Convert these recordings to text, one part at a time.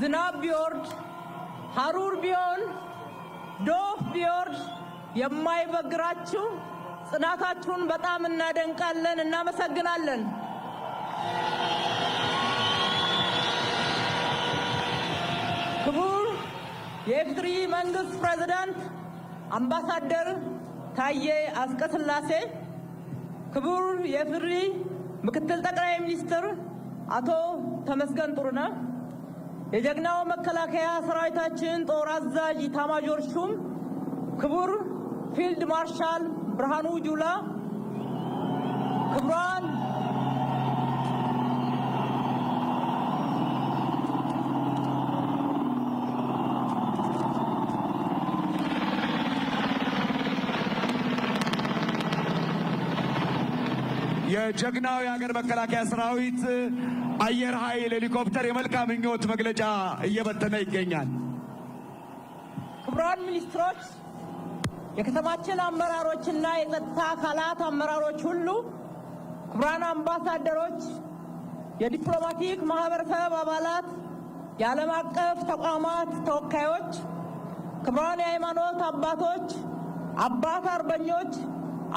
ዝናብ ቢወርድ ሐሩር ቢሆን ዶፍ ቢወርድ የማይበግራችሁ ጽናታችሁን በጣም እናደንቃለን፣ እናመሰግናለን። ክቡር የኤፍትሪ መንግስት ፕሬዝዳንት አምባሳደር ታዬ አስቀስላሴ፣ ክቡር የኤፍትሪ ምክትል ጠቅላይ ሚኒስትር አቶ ተመስገን ጥሩነህ የጀግናው መከላከያ ሰራዊታችን ጦር አዛዥ ኢታማዦር ሹም ክቡር ፊልድ ማርሻል ብርሃኑ ጁላ፣ ክቡራን የጀግናው የሀገር መከላከያ ሰራዊት አየር ኃይል ሄሊኮፕተር የመልካም ምኞት መግለጫ እየበተነ ይገኛል። ክቡራን ሚኒስትሮች፣ የከተማችን አመራሮችና የጸጥታ አካላት አመራሮች ሁሉ፣ ክቡራን አምባሳደሮች፣ የዲፕሎማቲክ ማህበረሰብ አባላት፣ የዓለም አቀፍ ተቋማት ተወካዮች፣ ክቡራን የሃይማኖት አባቶች፣ አባት አርበኞች፣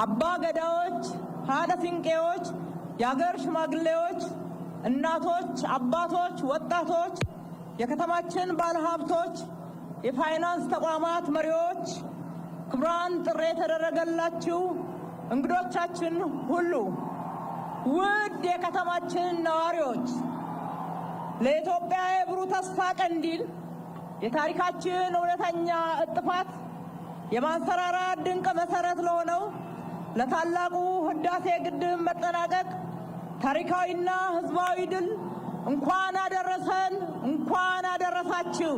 አባ ገዳዎች፣ ሀደ ሲንቄዎች፣ የአገር ሽማግሌዎች እናቶች፣ አባቶች፣ ወጣቶች፣ የከተማችን ባለሀብቶች፣ የፋይናንስ ተቋማት መሪዎች፣ ክቡራን፣ ጥሪ የተደረገላችሁ እንግዶቻችን ሁሉ፣ ውድ የከተማችን ነዋሪዎች ለኢትዮጵያ የብሩህ ተስፋ ቀንዲል የታሪካችን እውነተኛ እጥፋት የማንሰራራት ድንቅ መሰረት ለሆነው ለታላቁ ህዳሴ ግድብ መጠናቀቅ ታሪካዊና ህዝባዊ ድል እንኳን አደረሰን እንኳን አደረሳችሁ።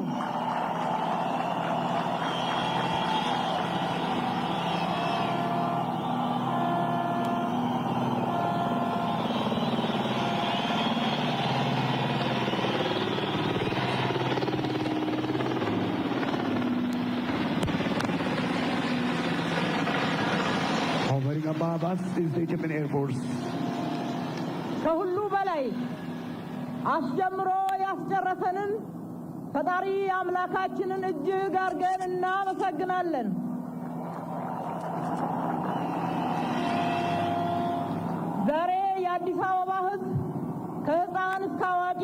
above us is the Egyptian Air Force. ላይ አስጀምሮ ያስጨረሰንን ፈጣሪ አምላካችንን እጅግ አድርገን እናመሰግናለን። ዛሬ የአዲስ አበባ ሕዝብ ከህፃን እስከ አዋቂ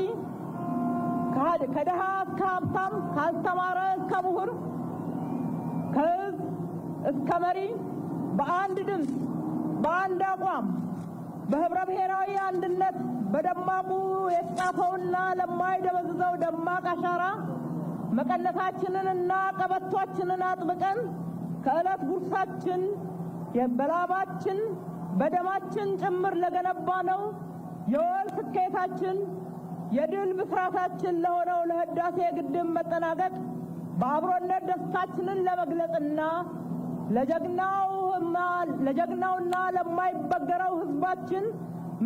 ከድሃ እስከ ሀብታም ካልተማረ እስከ ምሁር ከህዝብ እስከ መሪ በአንድ ድምፅ በአንድ አቋም በህብረ ብሔራዊ አንድነት በደማቁ የተጻፈውና ለማይደበዝዘው ደማቅ አሻራ መቀነታችንንና ቀበቷችንን አጥብቀን ከዕለት ጉርሳችን በላባችን በደማችን ጭምር ለገነባ ነው የወል ስኬታችን የድል ብስራታችን ለሆነው ለህዳሴ ግድብ መጠናቀቅ በአብሮነት ደስታችንን ለመግለጽና ለጀግናው እና ለጀግናውና ለማይበገረው ህዝባችን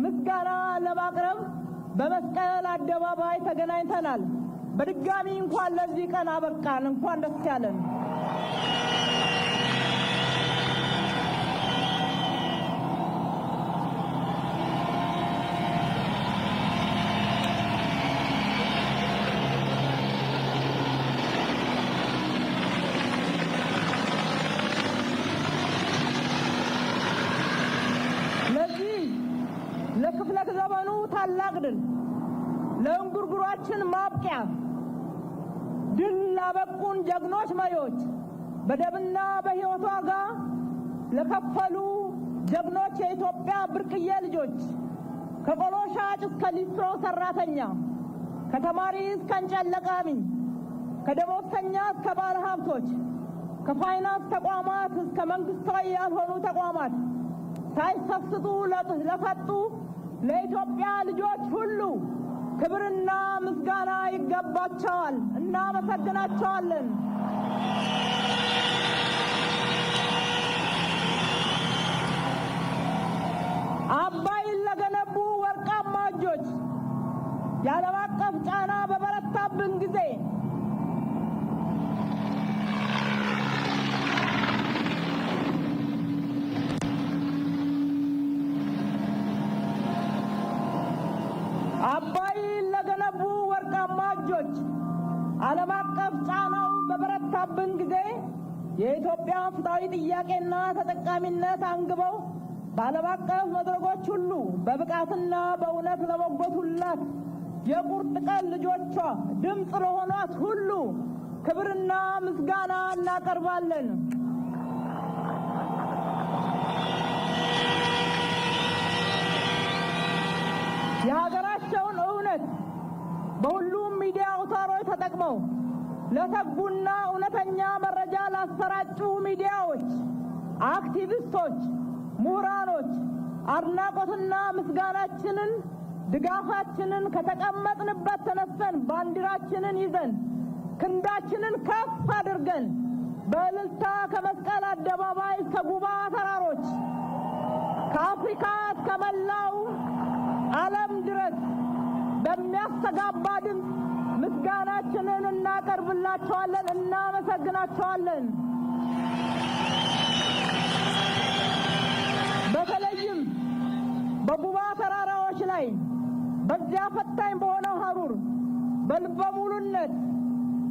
ምስጋና ለማቅረብ በመስቀል አደባባይ ተገናኝተናል። በድጋሚ እንኳን ለዚህ ቀን አበቃን። እንኳን ደስ ያለን። ጀግኖች መሪዎች በደብና በሕይወት ዋጋ ለከፈሉ ጀግኖች የኢትዮጵያ ብርቅዬ ልጆች ከቆሎ ሻጭ እስከ ሊስትሮ ሰራተኛ፣ ከተማሪ እስከ እንጨት ለቃሚ፣ ከደሞዝተኛ እስከ ባለ ሀብቶች፣ ከፋይናንስ ተቋማት እስከ መንግስታዊ ያልሆኑ ተቋማት ሳይሰስቱ ለፈጡ ለኢትዮጵያ ልጆች ሁሉ ክብርና ምስጋና ይገባቸዋል። እናመሰግናቸዋለን። አባይን ለገነቡ ወርቃማ እጆች የዓለም አቀፍ ጫና በበረታብን ጊዜ አባይን ለገነቡ ወርቃማ እጆች ዓለም አቀፍ ጫናው በበረታብን ጊዜ የኢትዮጵያ ፍትሐዊ ጥያቄና ተጠቃሚነት አንግበው በዓለም አቀፍ መድረኮች ሁሉ በብቃትና በእውነት ለመጎቱላት የቁርጥ ቀን ልጆቿ ድምፅ ለሆኗት ሁሉ ክብርና ምስጋና እናቀርባለን። በማካሄድ በሁሉም ሚዲያ አውታሮች ተጠቅመው ለተጉና እውነተኛ መረጃ ላሰራጩ ሚዲያዎች፣ አክቲቪስቶች፣ ምሁራኖች አድናቆትና ምስጋናችንን ድጋፋችንን ከተቀመጥንበት ተነስተን ባንዲራችንን ይዘን ክንዳችንን ከፍ አድርገን በእልልታ ከመስቀል አደባባይ እስከ ጉባ ተራሮች ከአፍሪካ እስከ መላው ዓለም ድረስ በሚያስተጋባ ድምፅ ምስጋናችንን እናቀርብላቸዋለን፣ እናመሰግናቸዋለን። በተለይም በጉባ ተራራዎች ላይ በዚያ ፈታኝ በሆነው ሀሩር በልበ ሙሉነት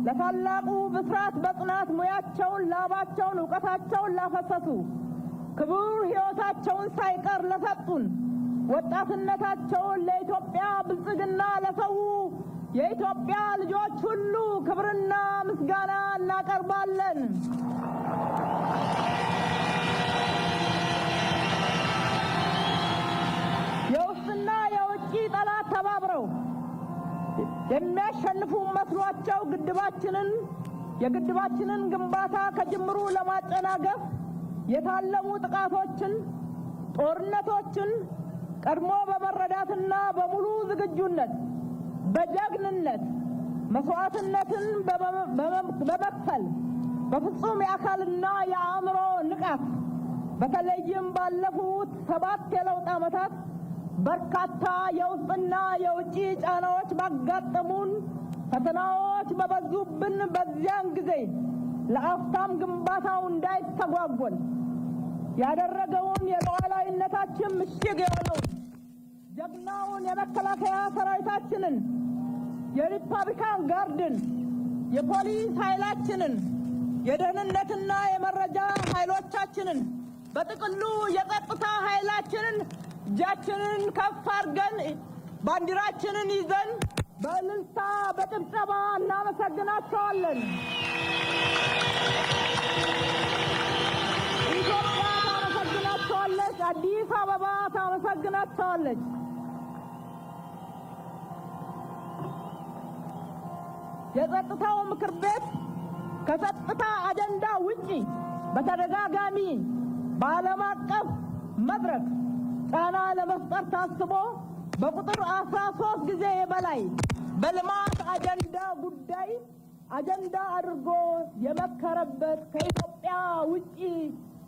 ለታላቁ ብስራት በጽናት ሙያቸውን፣ ላባቸውን፣ እውቀታቸውን ላፈሰሱ ክቡር ሕይወታቸውን ሳይቀር ለሰጡን ወጣትነታቸውን ለኢትዮጵያ ብልጽግና ለሰው የኢትዮጵያ ልጆች ሁሉ ክብርና ምስጋና እናቀርባለን። የውስጥና የውጭ ጠላት ተባብረው የሚያሸንፉ መስሏቸው ግድባችንን የግድባችንን ግንባታ ከጅምሩ ለማጨናገፍ የታለሙ ጥቃቶችን፣ ጦርነቶችን ቀድሞ በመረዳትና በሙሉ ዝግጁነት በጀግንነት መስዋዕትነትን በመክፈል በፍጹም የአካልና የአእምሮ ንቃት በተለይም ባለፉት ሰባት የለውጥ ዓመታት በርካታ የውስጥና የውጪ ጫናዎች ባጋጠሙን ፈተናዎች በበዙብን በዚያን ጊዜ ለአፍታም ግንባታው እንዳይተጓጎል ያደረገውን የሉዓላዊነታችን ምሽግ የሆነው ጀግናውን የመከላከያ ሰራዊታችንን፣ የሪፐብሊካን ጋርድን፣ የፖሊስ ኃይላችንን፣ የደህንነትና የመረጃ ኃይሎቻችንን፣ በጥቅሉ የጸጥታ ኃይላችንን እጃችንን ከፍ አድርገን ባንዲራችንን ይዘን በእልልታ በጭብጨባ እናመሰግናቸዋለን። ኢትዮጵያ ታመሰግናቸዋለች። አዲስ አበባ ታመሰግናቸዋለች። የጸጥታው ምክር ቤት ከጸጥታ አጀንዳ ውጪ በተደጋጋሚ በዓለም አቀፍ መድረክ ጫና ለመፍጠር ታስቦ በቁጥር አስራ ሶስት ጊዜ በላይ በልማት አጀንዳ ጉዳይ አጀንዳ አድርጎ የመከረበት ከኢትዮጵያ ውጪ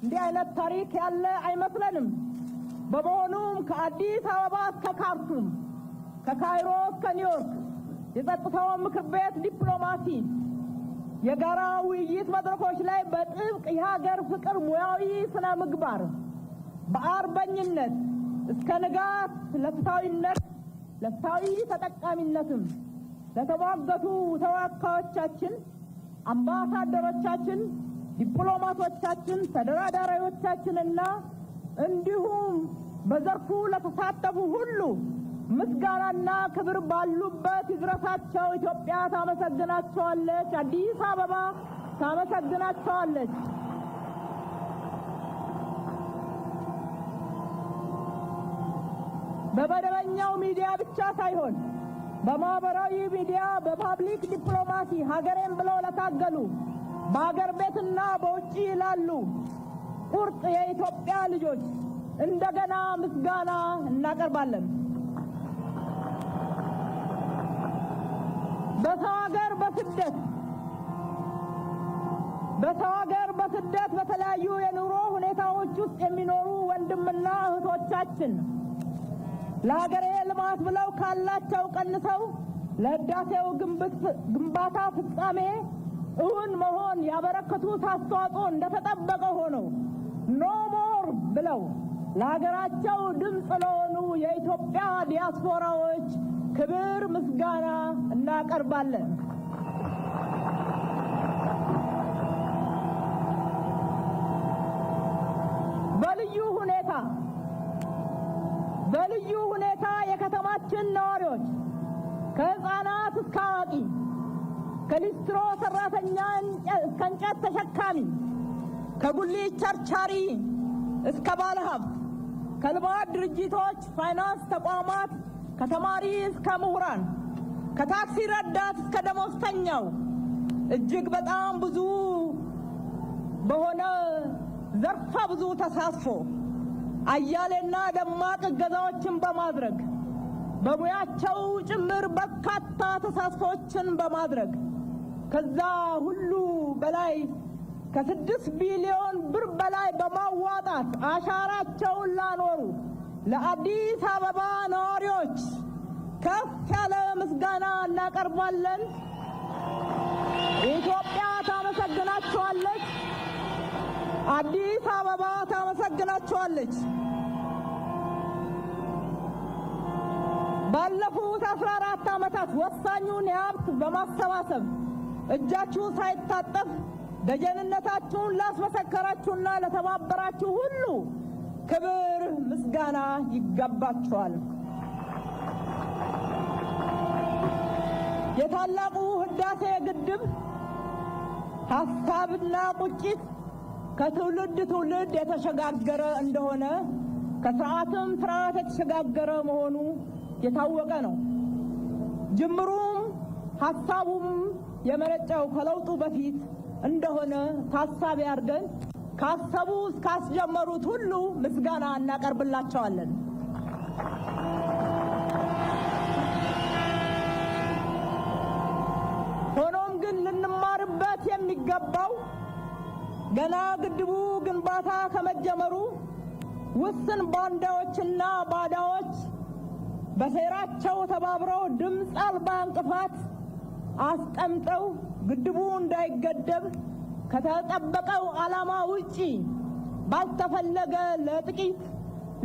እንዲህ አይነት ታሪክ ያለ አይመስለንም። በመሆኑም ከአዲስ አበባ እስከ ካርቱም፣ ከካይሮ እስከ ኒውዮርክ የጸጥታው ምክር ቤት ዲፕሎማሲ የጋራ ውይይት መድረኮች ላይ በጥብቅ የሀገር ፍቅር ሙያዊ ስነ ምግባር በአርበኝነት እስከ ንጋት ለፍታዊነት ለፍታዊ ተጠቃሚነትም ለተሟገቱ ተወካዮቻችን፣ አምባሳደሮቻችን፣ ዲፕሎማቶቻችን፣ ተደራዳሪዎቻችንና እንዲሁም በዘርፉ ለተሳተፉ ሁሉ ምስጋናና ክብር ባሉበት ይድረሳቸው። ኢትዮጵያ ታመሰግናቸዋለች። አዲስ አበባ ታመሰግናቸዋለች። በመደበኛው ሚዲያ ብቻ ሳይሆን በማህበራዊ ሚዲያ በፓብሊክ ዲፕሎማሲ ሀገሬን ብለው ለታገሉ በሀገር ቤትና በውጭ ይላሉ ቁርጥ የኢትዮጵያ ልጆች እንደገና ምስጋና እናቀርባለን። በሰው ሀገር በስደት በሰው ሀገር በስደት በተለያዩ የኑሮ ሁኔታዎች ውስጥ የሚኖሩ ወንድምና እህቶቻችን ለሀገሬ ልማት ብለው ካላቸው ቀንሰው ለህዳሴው ግንባታ ፍጻሜ እውን መሆን ያበረከቱት አስተዋጽኦ እንደተጠበቀ ሆኖ ኖ ሞር ብለው ለሀገራቸው ድምፅ ለሆኑ የኢትዮጵያ ዲያስፖራዎች ክብር ምስጋና እናቀርባለን። በልዩ ሁኔታ በልዩ ሁኔታ የከተማችን ነዋሪዎች ከሕፃናት እስከ አዋቂ ከሊስትሮ ሰራተኛ እስከ እንጨት ተሸካሚ ከጉሊት ቸርቻሪ እስከ ባለሀብት ከልማት ድርጅቶች፣ ፋይናንስ ተቋማት ከተማሪ እስከ ምሁራን፣ ከታክሲ ረዳት እስከ ደሞዝተኛው እጅግ በጣም ብዙ በሆነ ዘርፈ ብዙ ተሳትፎ አያሌና ደማቅ እገዛዎችን በማድረግ በሙያቸው ጭምር በርካታ ተሳትፎችን በማድረግ ከዛ ሁሉ በላይ ከስድስት ቢሊዮን ብር በላይ በማዋጣት አሻራቸውን ላኖሩ ለአዲስ አበባ ነዋሪዎች ከፍ ያለ ምስጋና እናቀርባለን። ኢትዮጵያ ታመሰግናችኋለች። አዲስ አበባ ታመሰግናችኋለች። ባለፉት 14 ዓመታት ወሳኙን የሀብት በማሰባሰብ እጃችሁ ሳይታጠፍ ደጀንነታችሁን ላስመሰከራችሁና ለተባበራችሁ ሁሉ ክብር ምስጋና ይገባቸዋል። የታላቁ ህዳሴ ግድብ ሀሳብና ቁጭት ከትውልድ ትውልድ የተሸጋገረ እንደሆነ ከስርዓትም ስርዓት የተሸጋገረ መሆኑ የታወቀ ነው። ጅምሩም ሀሳቡም የመረጨው ከለውጡ በፊት እንደሆነ ታሳቢ አድርገን ካሰቡ እስካስጀመሩት ሁሉ ምስጋና እናቀርብላቸዋለን። ሆኖም ግን ልንማርበት የሚገባው ገና ግድቡ ግንባታ ከመጀመሩ ውስን ባንዳዎችና ባዳዎች በሴራቸው ተባብረው ድምፅ አልባ እንቅፋት አስቀምጠው ግድቡ እንዳይገደብ ከተጠበቀው ዓላማ ውጪ ባልተፈለገ ለጥቂት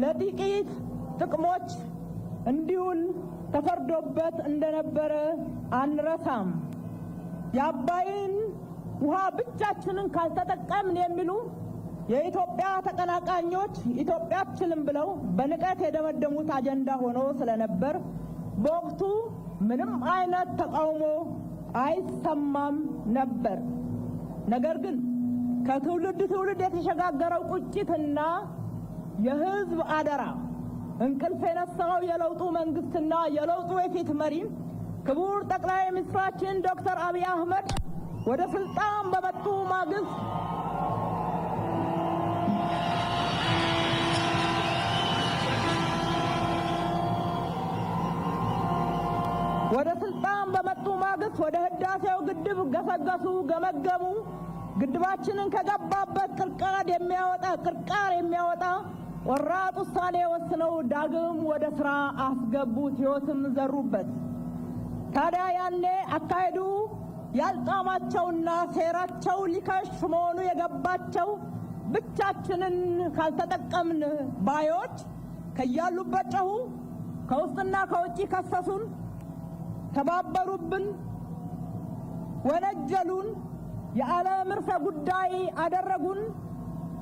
ለጥቂት ጥቅሞች እንዲውል ተፈርዶበት እንደነበረ አንረሳም። የአባይን ውሃ ብቻችንን ካልተጠቀምን የሚሉ የኢትዮጵያ ተቀናቃኞች ኢትዮጵያ አትችልም ብለው በንቀት የደመደሙት አጀንዳ ሆኖ ስለነበር በወቅቱ ምንም አይነት ተቃውሞ አይሰማም ነበር። ነገር ግን ከትውልድ ትውልድ የተሸጋገረው ቁጭትና የህዝብ አደራ እንቅልፍ የነሳው የለውጡ መንግስትና የለውጡ የፊት መሪም ክቡር ጠቅላይ ሚኒስትራችን ዶክተር አብይ አህመድ ወደ ስልጣን በመጡ ማግስት ወደ ስልጣን በመጡ ማግስት ወደ ህዳሴው ግድብ ገሰገሱ፣ ገመገሙ። ግድባችንን ከገባበት ቅርቃር የሚያወጣ ቅርቃር የሚያወጣ ቆራጥ ውሳኔ ወስነው ዳግም ወደ ስራ አስገቡት፣ ሕይወትም ዘሩበት። ታዲያ ያኔ አካሄዱ ያልጣማቸውና ሴራቸው ሊከሽፍ መሆኑ የገባቸው ብቻችንን ካልተጠቀምን ባዮች ከያሉበት ጨሁ፣ ከውስጥና ከውጪ ከሰሱን፣ ተባበሩብን፣ ወነጀሉን። የዓለም ርዕሰ ጉዳይ አደረጉን።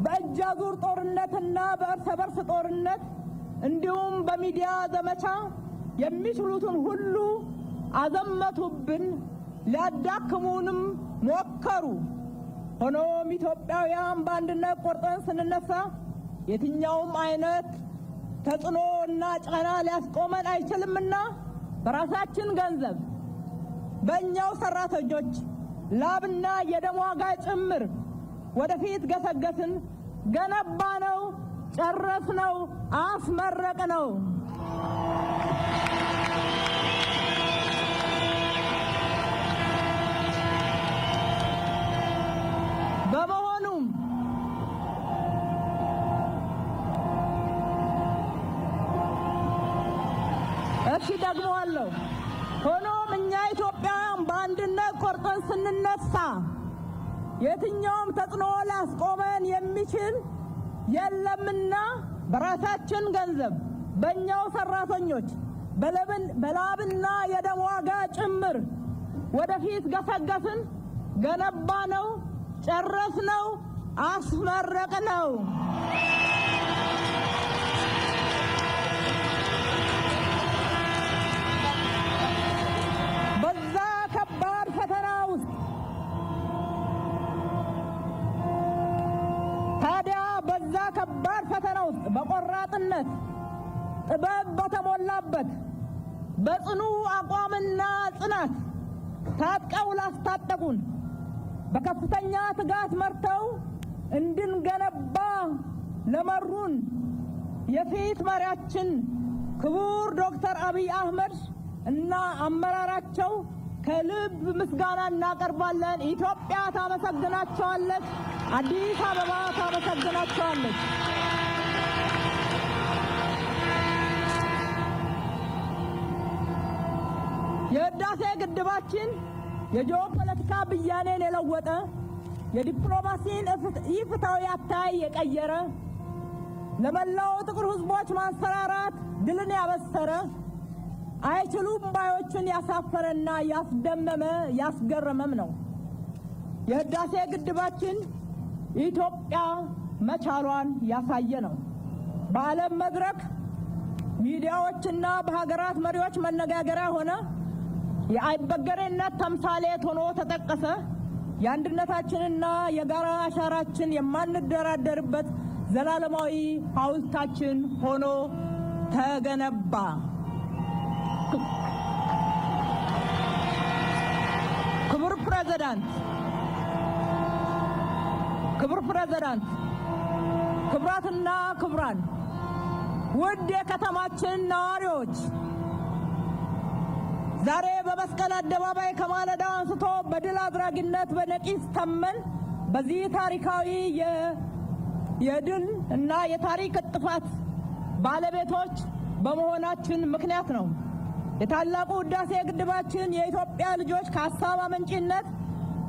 በእጅ አዙር ጦርነትና በእርስ በርስ ጦርነት እንዲሁም በሚዲያ ዘመቻ የሚችሉትን ሁሉ አዘመቱብን፣ ሊያዳክሙንም ሞከሩ። ሆኖም ኢትዮጵያውያን በአንድነት ቆርጠን ስንነሳ የትኛውም አይነት ተጽዕኖ እና ጫና ሊያስቆመን አይችልምና በራሳችን ገንዘብ በእኛው ሰራተኞች ላብና የደም ዋጋ ጭምር ወደፊት ገሰገስን፣ ገነባ ነው፣ ጨረስ ነው፣ አስመረቅ ነው። የትኛውም ተጽዕኖ ሊያስቆመን የሚችል የለምና በራሳችን ገንዘብ በእኛው ሰራተኞች በላብና የደም ዋጋ ጭምር ወደፊት ገሰገስን፣ ገነባ ነው፣ ጨረስ ነው፣ አስመረቅ ነው። በግልጽነት ጥበብ በተሞላበት በጽኑ አቋምና ጽናት ታጥቀው ላስታጠቁን በከፍተኛ ትጋት መርተው እንድንገነባ ለመሩን የፊት መሪያችን ክቡር ዶክተር አብይ አህመድ እና አመራራቸው ከልብ ምስጋና እናቀርባለን። ኢትዮጵያ ታመሰግናቸዋለች። አዲስ አበባ ታመሰግናቸዋለች። ግድባችን የጂኦ ፖለቲካ ብያኔን የለወጠ የዲፕሎማሲን ይፍታዊ አታይ የቀየረ ለመላው ጥቁር ሕዝቦች ማንሰራራት ድልን ያበሰረ አይችሉም ባዮችን ያሳፈረና ያስደመመ ያስገረመም ነው። የህዳሴ ግድባችን ኢትዮጵያ መቻሏን ያሳየ ነው። በዓለም መድረክ ሚዲያዎችና በሀገራት መሪዎች መነጋገሪያ ሆነ። የአይበገሬነት ተምሳሌት ሆኖ ተጠቀሰ። የአንድነታችንና የጋራ አሻራችን የማንደራደርበት ዘላለማዊ ሐውልታችን ሆኖ ተገነባ። ክቡር ፕሬዝዳንት ክቡር ፕሬዚዳንት፣ ክቡራትና ክቡራን፣ ውድ የከተማችን ነዋሪዎች ዛሬ በመስቀል አደባባይ ከማለዳ አንስቶ በድል አድራጊነት በነቂስ ተመን በዚህ ታሪካዊ የድል እና የታሪክ እጥፋት ባለቤቶች በመሆናችን ምክንያት ነው። የታላቁ ህዳሴ ግድባችን የኢትዮጵያ ልጆች ከሀሳብ አመንጭነት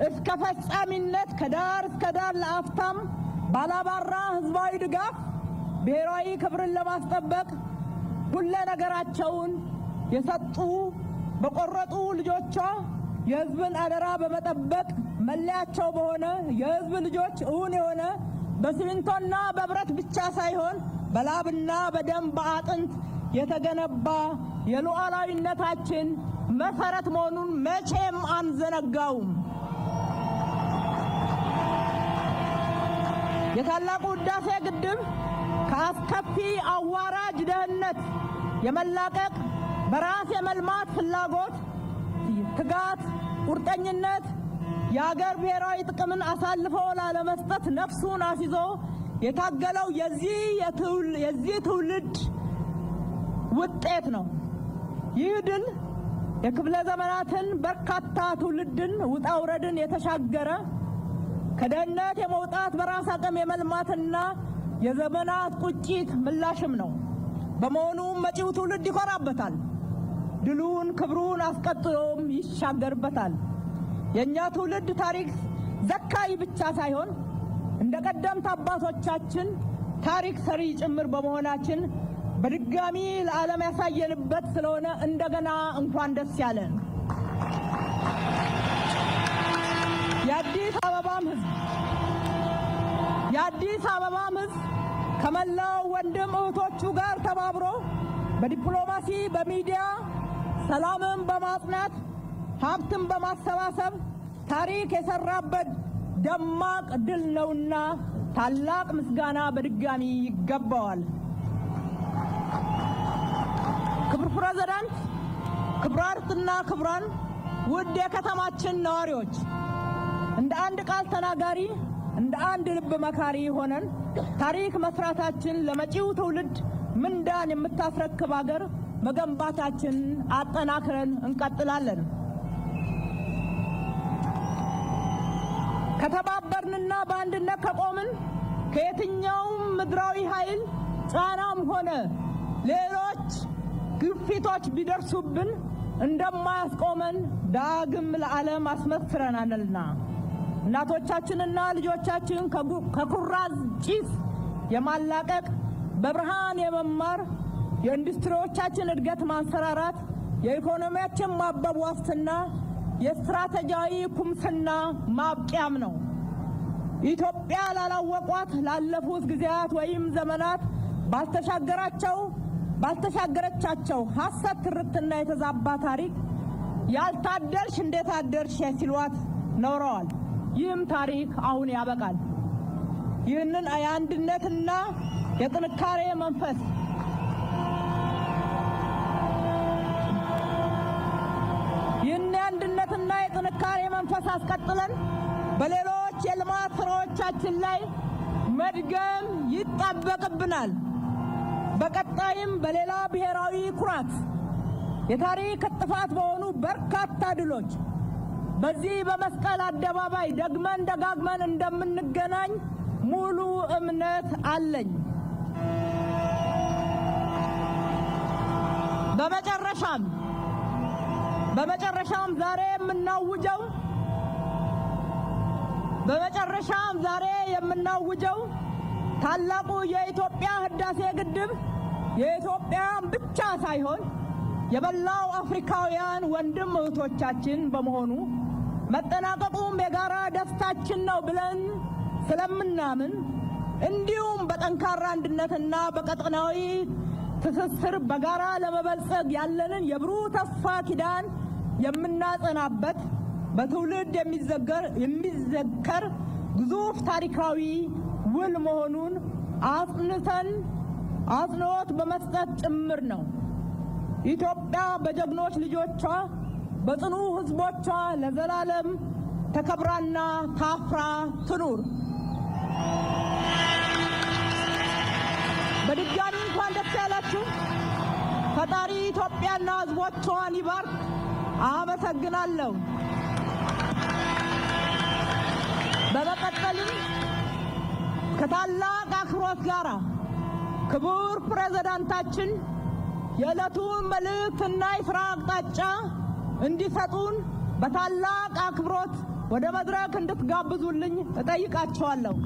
እስከ ፈጻሚነት ከዳር እስከ ዳር ለአፍታም ባላባራ ህዝባዊ ድጋፍ ብሔራዊ ክብርን ለማስጠበቅ ሁለ ነገራቸውን የሰጡ በቆረጡ ልጆቿ የህዝብን አደራ በመጠበቅ መለያቸው በሆነ የህዝብ ልጆች እውን የሆነ በሲሚንቶና በብረት ብቻ ሳይሆን በላብና በደም በአጥንት የተገነባ የሉዓላዊነታችን መሰረት መሆኑን መቼም አንዘነጋውም። የታላቁ ሕዳሴ ግድብ ከአስከፊ አዋራጅ ደህንነት የመላቀቅ በራስ የመልማት ፍላጎት፣ ትጋት፣ ቁርጠኝነት የአገር ብሔራዊ ጥቅምን አሳልፎ ላለመስጠት ነፍሱን አስይዞ የታገለው የዚህ ትውልድ ውጤት ነው። ይህ ድል የክፍለ ዘመናትን በርካታ ትውልድን ውጣ ውረድን የተሻገረ ከደህንነት የመውጣት በራስ አቅም የመልማትና የዘመናት ቁጭት ምላሽም ነው። በመሆኑም መጪው ትውልድ ይኮራበታል። ድሉን ክብሩን አስቀጥሎም ይሻገርበታል። የእኛ ትውልድ ታሪክ ዘካይ ብቻ ሳይሆን እንደ ቀደምት አባቶቻችን ታሪክ ሰሪ ጭምር በመሆናችን በድጋሚ ለዓለም ያሳየንበት ስለሆነ እንደገና እንኳን ደስ ያለን። የአዲስ አበባም ሕዝብ የአዲስ አበባም ሕዝብ ከመላው ወንድም እህቶቹ ጋር ተባብሮ በዲፕሎማሲ በሚዲያ ሰላምን በማጽናት ሀብትን በማሰባሰብ ታሪክ የሰራበት ደማቅ ድል ነውና ታላቅ ምስጋና በድጋሚ ይገባዋል። ክብር ፕሬዝዳንት፣ ክቡራትና ክብራን ውድ የከተማችን ነዋሪዎች እንደ አንድ ቃል ተናጋሪ እንደ አንድ ልብ መካሪ ሆነን ታሪክ መስራታችን ለመጪው ትውልድ ምንዳን የምታስረክብ አገር መገንባታችን አጠናክረን እንቀጥላለን። ከተባበርንና በአንድነት ከቆምን ከየትኛውም ምድራዊ ኃይል ጫናም ሆነ ሌሎች ግፊቶች ቢደርሱብን እንደማያስቆመን ዳግም ለዓለም አስመስረናልና እናቶቻችንና ልጆቻችን ከኩራዝ ጭስ የማላቀቅ በብርሃን የመማር የኢንዱስትሪዎቻችን እድገት ማንሰራራት፣ የኢኮኖሚያችን ማበብ ዋስትና፣ የስትራቴጂያዊ ኩምስና ማብቂያም ነው። ኢትዮጵያ ላላወቋት ላለፉት ጊዜያት ወይም ዘመናት ባልተሻገራቸው ባልተሻገረቻቸው ሀሰት ትርክትና የተዛባ ታሪክ ያልታደርሽ እንዴት አደርሽ ሲሏት ኖረዋል። ይህም ታሪክ አሁን ያበቃል። ይህንን የአንድነትና የጥንካሬ መንፈስ መንፈስ አስቀጥለን በሌሎች የልማት ስራዎቻችን ላይ መድገም ይጠበቅብናል። በቀጣይም በሌላ ብሔራዊ ኩራት የታሪክ እጥፋት በሆኑ በርካታ ድሎች በዚህ በመስቀል አደባባይ ደግመን ደጋግመን እንደምንገናኝ ሙሉ እምነት አለኝ። በመጨረሻም በመጨረሻም ዛሬ የምናውጀው በመጨረሻም ዛሬ የምናውጀው ታላቁ የኢትዮጵያ ህዳሴ ግድብ የኢትዮጵያን ብቻ ሳይሆን የበላው አፍሪካውያን ወንድም እህቶቻችን በመሆኑ መጠናቀቁም የጋራ ደስታችን ነው ብለን ስለምናምን እንዲሁም በጠንካራ አንድነትና በቀጠናዊ ትስስር በጋራ ለመበልጸግ ያለንን የብሩህ ተስፋ ኪዳን የምናጸናበት በትውልድ የሚዘከር ግዙፍ ታሪካዊ ውል መሆኑን አጽንተን አጽንኦት በመስጠት ጭምር ነው። ኢትዮጵያ በጀግኖች ልጆቿ፣ በጽኑ ሕዝቦቿ ለዘላለም ተከብራና ታፍራ ትኑር። በድጋሚ እንኳን ደስ ያላችሁ። ፈጣሪ ኢትዮጵያና ሕዝቦቿን ይባርክ። አመሰግናለሁ። በመቀጠልም ከታላቅ አክብሮት ጋር ክቡር ፕሬዝዳንታችን የዕለቱን መልእክትና የሥራ አቅጣጫ እንዲሰጡን በታላቅ አክብሮት ወደ መድረክ እንድትጋብዙልኝ እጠይቃቸዋለሁ።